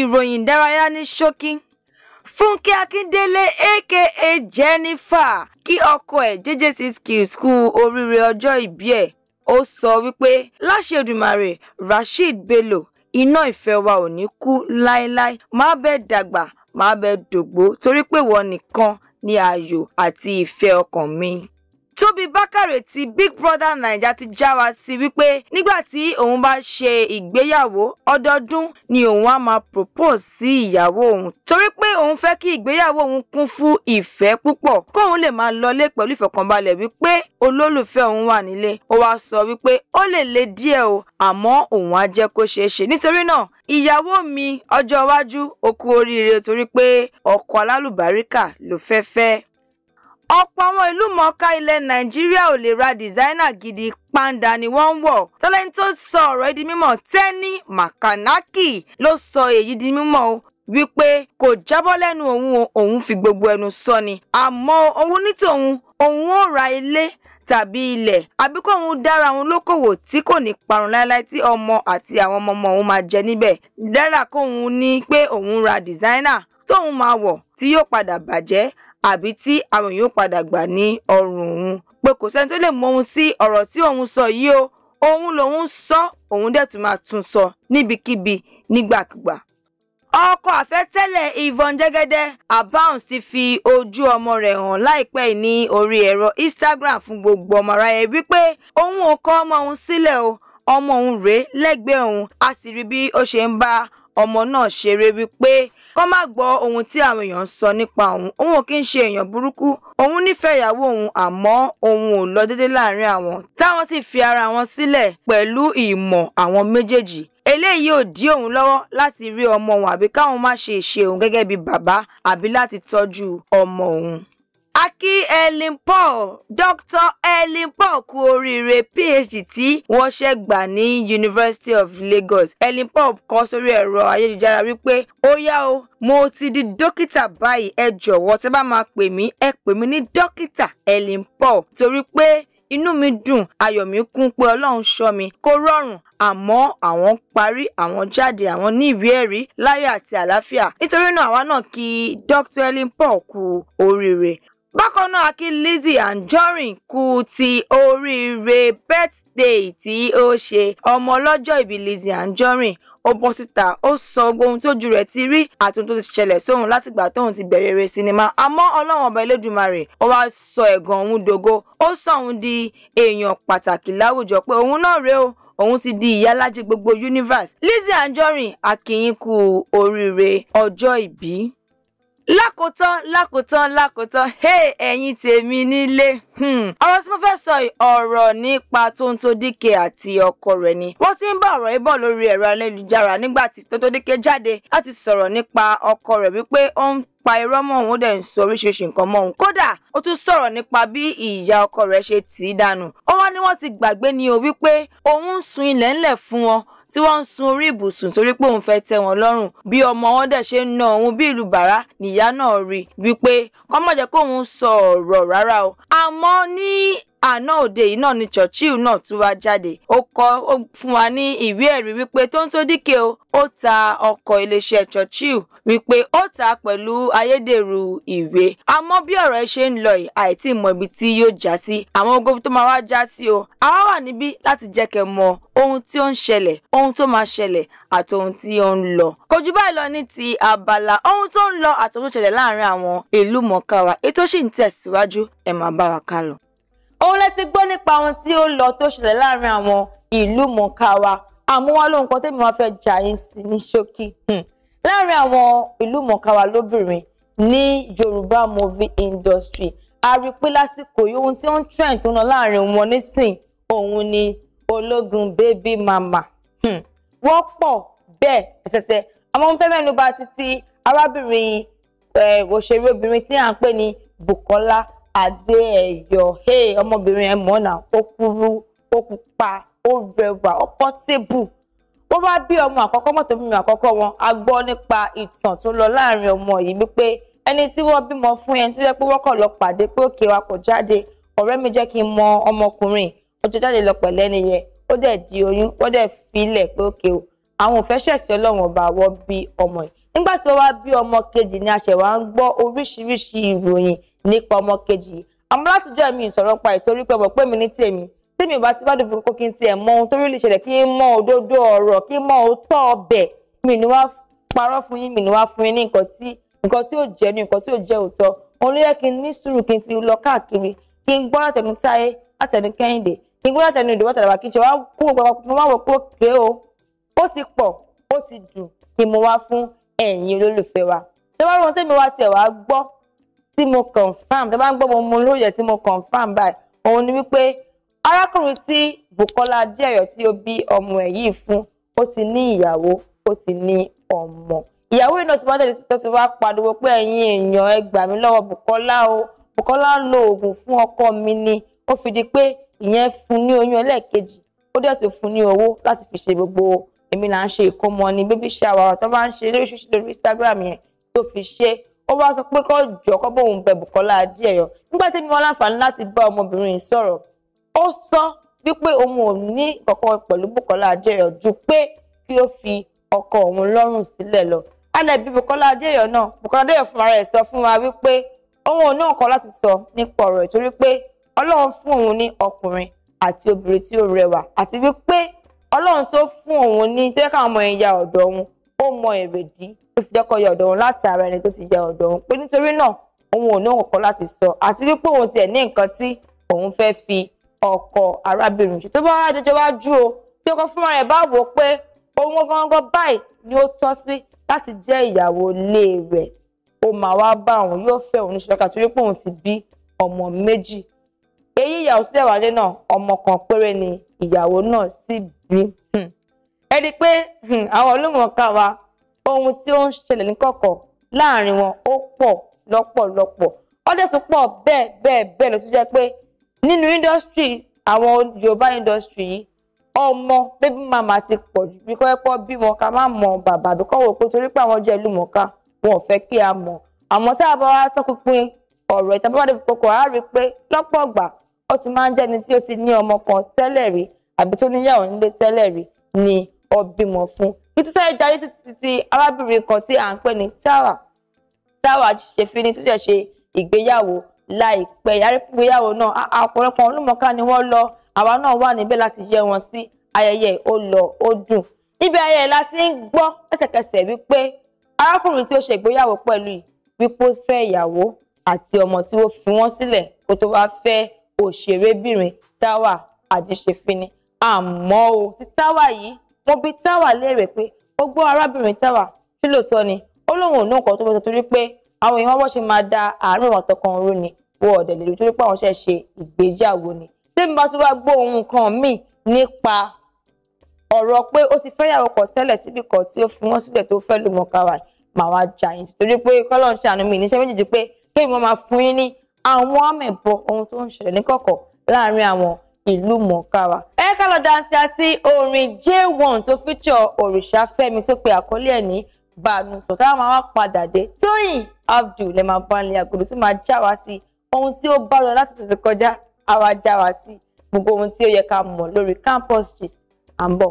ìròyìn ìdárayá ní ṣókí fúnkẹ́ akíndélé aka jennifer kí ọkọ ẹ̀ jj Sixskillz kú oríire ọjọ́ ìbí ẹ̀ ó sọ wípé láṣẹ Èdùmàrè rasheed bello iná ìfẹ́ wa ò ní kú láéláé má bẹ́ẹ̀ dàgbà má bẹ́ẹ̀ dògbó torí pé ìwọ nìkan ni ààyò àti ìfẹ́ ọkàn mi. Tóbi Bákàrè ti Big Brother Naija ti já wa sí wípé nígbà tí òun bá ṣe ìgbéyàwó ọdọọdún ni òun á máa propose sí ìyàwó òun torí pé òun fẹ́ kí ìgbéyàwó òun kún fún ìfẹ́ púpọ̀ kóun lè máa lọlé pẹ̀lú ìfọ̀kànbalẹ̀ wípé olólùfẹ́ òun wà nílé ó wá sọ wípé ó lè le díẹ̀ o àmọ́ òun á jẹ́ kó ṣeé ṣe nítorí náà ìyàwó mi ọjọ́ iwájú ó kú oríire torí pé ọkọ alálùbáríkà ló fẹ́ fẹ́ ọ̀pọ̀ àwọn ìlú mọ̀ọ́ká ilẹ̀ nàìjíríà ò lè ra dìsáínà gidi pàǹdà ni wọ́n ń wọ̀ tẹ́lẹ̀ni tó sọ ọ̀rọ̀ ẹ di mímọ̀ Tẹ́ni Màkànákì ló sọ èyí di mímọ̀ o wípé kò jábọ́ lẹ́nu òun o òun fi gbogbo ẹnu sọ ni àmọ́ òun ní tòun òun ò ra ilé tàbí ilẹ̀ àbí kó òun dára òun lókòwò tí kò ní parun láéláé tí ọmọ àti àwọn ọmọ ọmọ òun máa jẹ níbẹ̀ dára kóun ní pé òun ra dìsáínà tóun máa wọ̀ tí yóò padà bàjẹ́ àbí tí àwọn èèyàn padà gbà ní ọrùn òun pé kò sẹ́ni tó lè mọ ohun sí ọ̀rọ̀ tí òun sọ yìí o òun lòun sọ òun dẹ̀ tún máa tún sọ níbikíbi nígbàkúgbà ọkọ àfẹ́tẹ́lẹ̀ Yvonne Jẹ́gẹ́dẹ́ Abounce ti fi ojú ọmọ rẹ̀ hàn láìpẹ́ ní orí ẹ̀rọ Instagram fún gbogbo ọmọ aráyé wípé òun ò kọ̀ ọmọ òun sílẹ̀ o ọmọ òun rèé lẹ́gbẹ̀ẹ́ òun a sì rí bí ó ṣe ń bá ọmọ náà ṣeré wípé kó má gbọ́ ohun tí àwọn èèyàn ń sọ nípa òun òun ò kí ń ṣe èèyàn burúkú òun nífẹ̀ẹ́ ìyàwó òun àmọ́ òun ò lọ déédéé láàrin àwọn táwọn sì fi ara wọn sílẹ̀ pẹ̀lú ìmọ̀ àwọn méjèèjì eléyìí ò dí òun lọ́wọ́ láti rí ọmọ òun àbí káwọn má ṣe ṣe òun gẹ́gẹ́ bí bàbá àbí láti tọ́jú ọmọ òun a kí Paul Dr Helen Paul kú oríire PhD tí wọ́n ṣẹ̀ gbà ní University of Lagos Helen Paul kọ sórí ẹ̀rọ ayélujára wípé ó yá o mo ti di dókítà báyìí ẹ jọ̀wọ́ tẹ́ bá máa pè mí ẹ pè mí ní dókítà Helen Paul torí pé inú mi dùn ayọ̀ mi kún pé ọlọ́run ṣọ́ mi kó rọrùn àmọ́ àwọn parí àwọn jáde àwọn ní ìwé ẹ̀rí láyọ̀ àti àlàáfíà nítorí náà àwa náà kí Dr. Helen Paul kú oríire bákan náà kí Lizzy Anjorin kú ti oríire birthday tí ó ṣe ọmọ ọlọ́jọ́ ìbí Lizzy Anjorin ó bọ́ síta ó sọ gbogbo ohun tójú rẹ̀ ti rí àti ohun tó ti ṣẹlẹ̀ sóhun látìgbà tóun ti bẹ̀rẹ̀ eré sinimá àmọ́ ọlọ́run ọba elédùnmarè ó wá sọ ẹ̀gàn òun dògo ó sọ di èèyàn pàtàkì láwùjọ pé òun náà rèé o òun ti di ìyálájì gbogbo universe Lizzy Anjorin akínyìn oríire ọjọ́ ìbí lákòótán lákòótán lákòótán hey ẹ̀yin tèmi nílé hmm. ọ̀rọ̀ tí mo fẹ́ sọ ọ̀rọ̀ nípa Tonto Dike àti ọkọ rẹ̀ ni wọ́n ti ń bá ọ̀rọ̀ yìí bọ̀ lórí ẹ̀rọ ayélujára nígbà tí Tonto Dike jáde láti sọ̀rọ̀ nípa ọkọ rẹ̀ wípé ó ń pa irọ́ mọ́ òun ó dẹ̀ ń sọ oríṣiríṣi nǹkan mọ́ òun kódà ó tún sọ̀rọ̀ nípa bí ìyá ọkọ rẹ̀ ṣe tì í dànù ó wá ní wọ́n ti gbàgbé ni o wípé òun ń sun ilẹ̀ ńlẹ̀ fún wọn tí wọ́n ń sun orí ìbùsùn torí pé òun fẹ́ tẹ́ wọn lọ́rùn bí ọmọ wọn dẹ̀ ṣe ń na òun bí ìlú bàrá nìyá náà rí wípé ọmọ jẹ́ kóun sọ ọ̀rọ̀ rárá o àmọ́ ní àná òde yìí náà ni Churchill náà tún wá jáde ó kọ ó fún wa ní ìwé ẹ̀rí wípé Tóńtó Díkè o ó ta ọkọ̀ iléeṣẹ́ Churchill wípé ó ta pẹ̀lú ayédèrú ìwé àmọ́ bí ọ̀rọ̀ ẹ ṣe ń lọ yìí àìtí mọ̀ ibi tí yóò já sí àwọn ogun tó máa wá já sí o àwa wà níbí láti jẹ́ kẹ́ mọ̀ ohun tí ó ń ṣẹlẹ̀ ohun tó máa ṣẹlẹ̀ àti ohun tí ó ń lọ kò báyìí lọ ní ti abala ohun tó ń lọ àti ohun tó ṣẹlẹ̀ láàrin àwọn ìlú mọ̀ọ́ká wa ètò sì ń tẹ̀síwájú ẹ máa bá wa ká lọ òun lẹ ti gbọ́ nípa ohun tí ó lọ tó ṣẹlẹ̀ láàrin àwọn ìlú mọ̀ọ́ká wa àmọ́ wá lóhun kan tèmi wá fẹ́ jà yín sí ní ṣókí hmm. láàrin àwọn ìlú mọ̀ọ́ká lóbìnrin ní Yorùbá movie industry a rí pé lásìkò yìí ohun tí ó ń trend tó lọ láàrin wọn nísìn òun ni ológun baby mama hmm. wọ́n pọ̀ bẹ́ẹ̀ ẹ̀sẹ̀sẹ̀ àmọ́ ń fẹ́ mẹ́nu bà títí arábìnrin òṣèré obìnrin tí à ń pè ní Bukola Adéẹyọ hey ọmọbìnrin ẹ mọ̀ náà ó kúrú ó pupa ó rẹwà ó pọ́tébù bó bá bí ọmọ àkọ́kọ́ mọ́tò mímu àkọ́kọ́ wọn a gbọ́ nípa ìtàn tó lọ láàrin ọmọ yìí wípé ẹni tí wọ́n bímọ fún ẹni tó jẹ́ pé wọ́kọ̀ lọ pàdé pé òkè wa kò jáde ọ̀rẹ́ mi jẹ́ kí n mọ ọmọkùnrin ọjọ́ jáde lọ pẹ̀lẹ́ nìyẹn ó dẹ̀ di oyún ó dẹ̀ filẹ̀ pé òkè o àwọn òfẹ́ ṣẹ̀sì ọlọ́run ọba wọ́n bí ọmọ yìí nígbà tí wọ́n wá bí ọmọ kejì ni a ṣẹ̀ wá ń gbọ́ oríṣiríṣi ìròyìn nípa ọmọ kejì àmọ́ látijọ́ mi ìsọ̀rọ̀ pa ìtorí pé mọ̀ pé mi ní tèmi tèmi bá ti bá dùn fún kókí tiẹ̀ mọ ohun tó rí lè ṣẹlẹ̀ kí mọ òdodo ọ̀rọ̀ kí mọ òótọ́ ọbẹ̀ mi ni wá parọ́ fún yín mi ni wá fún yín ní nǹkan tí nǹkan tí ò jẹ́ ní nǹkan tí ò jẹ́ òótọ́ òun ló yẹ kí n ní sùúrù kí n fi lọ káàkiri kí n gbọ́ látẹnu táyé látẹnu kẹ́hìndé kí n gbọ́ látẹnu ìdìbò tàbí kí n ṣe wá kú gbogbo wa ṣé tí mo confam tẹ́ bá ń gbọ́ mo mu lóye tí mo confam báyìí òun ni wípé arákùnrin tí Bùkọ́lá Ajẹ́yọ̀ tí ó bí ọmọ ẹ̀ yìí fún ó ti ní ìyàwó ó ti ní ọmọ ìyàwó yìí náà ti wá sí tó ti wá pariwo pé ẹ̀yin èèyàn ẹ gbà mí lọ́wọ́ Bùkọ́lá o Bukola lo oògùn fún ọkọ mi ni ó fi di pé ìyẹn fún ní oyún ẹlẹ́ẹ̀kejì ó dẹ̀ ti fún ní owó láti fi ṣe gbogbo èmi là ń ṣe ìkómọ ni bébí ṣàwàrà tó bá ń ṣe lóríṣiríṣi lórí Instagram yẹn tó fi ṣe ó wá sọ pé kó jọ kó bóun bẹ Bùkọ́lá Adéyẹyọ nígbà tí mi wọn láǹfààní láti bá ọmọbìnrin yìí sọ̀rọ̀ ó sọ wípé òun ò ní kankan pẹ̀lú Bùkọ́lá Adéyẹyọ ju pé kí ó fi ọkọ òun lọ́rùn sílẹ̀ lọ alẹ́bí Bùkọ́lá Adéyẹyọ náà Bùkọ́lá Adéyẹyọ fúnra rẹ̀ sọ fún wa wípé òun ò ní ọ̀kan láti sọ nípa ọ̀rọ̀ ìtorí pé Ọlọ́run fún òun ní ọkùnrin ó mọ èrèdí tó fi jẹ́ kó yọ ọ̀dọ̀ òun láti ara ẹni tó ti yẹ ọ̀dọ̀ òun pé nítorí náà òun ò ní òun kan láti sọ àti wípé òun tiẹ̀ ní nǹkan tí òun fẹ́ fi ọkọ arábìnrin ṣe tó bá wá dọjọ́ wájú o tí ọkọ fúnra rẹ̀ bá wò ó pé òun gangan báyìí ni ó tọ́ sí láti jẹ́ ìyàwó ilé rẹ̀ ó máa wá bá òun yóò fẹ́ òun níṣẹ́ kàtó wípé òun ti bí ọmọ méjì èyí ìyàwó tí ẹ̀wájẹ́ náà ọmọ kan péré ni ìyàwó náà sì bí. Hmm ẹni pé hmm, àwọn olómọ̀ọ́ká wa ohun tí ó ń ṣẹlẹ̀ ní kọ̀kọ̀ láàrin wọn ó pọ̀ lọ́pọ̀lọpọ̀ ọdẹ tó pọ̀ bẹ́ẹ̀ bẹ́ẹ̀ bẹ́ẹ̀ ló tún jẹ́ pé nínú indọ́strì àwọn Yorùbá indọ́strì yìí ọmọ bébí màmá ti pọ̀ jù bí kọ́ẹ́pọ́ bímọ ká má mọ bàbá àbí kọ́wọ́ pé torí pé àwọn jẹ́ ìlú mọ̀ọ́ká wọn ò fẹ́ kí a mọ̀ àmọ́ tá a bá wá tọ́ pínpín ọ̀rọ̀ ìtàn bàbá dèbò kòkò á rí i pé lọ́pọ̀ ọ̀gbà ó ti máa ń jẹ́ni tí ó ti ní ọmọ kan tẹ́lẹ̀ rí àbí tó níyàwó nílé tẹ́lẹ̀ rí ni ọ bímọ fún títí sẹ́yìn jáde títí ti arábìnrin kan tí à ń pè ní Tara Tara Ṣèfini tó jẹ́ ṣe ìgbéyàwó láìpẹ́ ìyàgbéyàwó náà ọ̀pọ̀lọpọ̀ olùmọ̀ọ́ká ni wọ́n lọ àwa náà wà níbẹ̀ láti yẹ wọn sí ayẹyẹ ó lọ ó dùn níbi ayẹyẹ la ti ń gbọ́ ẹsẹ̀kẹsẹ̀ wípé arákùnrin tí ó ṣe ìgbéyàwó pẹ̀lú wípé ó fẹ́ ìyàwó àti ọmọ tí ó fi wọ́n sílẹ̀ kó tó wá fẹ́ òṣèrébìnrin Táwà Àjíṣefínní àmọ́ o ti Táwà yìí mo bi táwà léèrè pé ó gbọ́ arábìnrin táwà ṣé lóòótọ́ ni ó lóun ò ní nǹkan tó bọ́tọ̀ torí pé àwọn èèyàn wọ́n ṣe máa da àárín àwọn àtọkàn rú ni wọ́n ọ̀dẹ̀ lè rí torí pé àwọn ṣe ṣe ìgbéyàwó ni tí mo bá tún wá gbọ́ ohun kan míì nípa ọ̀rọ̀ pé ó ti fẹ́yàwó kan tẹ́lẹ̀ síbi kan tí ó fi wọ́n síbẹ̀ tó fẹ́ lùmọ̀ káwà mà wá jà yín torí pé kọ́lọ́n ṣàánú mi níṣẹ́ méjèèjì pé kéèmí wọn máa fún yín ní àwọn àmẹ̀bọ ohun tó ń ṣẹlẹ̀ níkọ̀kọ̀ láàárín àwọn ìlú mọ̀ọ́ká wa. ẹ ká lọ dansia sí orin J1 tó fíjọ Òrìṣàfẹ́mi tó pe àkọlé ẹ̀ ní bàánú sọ̀tà máa wá padà dé Tóyìn Abdul lè máa bá ní àgọ́dọ̀ tí máa já wa sí ohun tí ó bá lọ láti ṣẹ̀ṣẹ̀ kọjá àwa já wa sí gbogbo ohun tí ó yẹ ká mọ̀ lórí campus gist à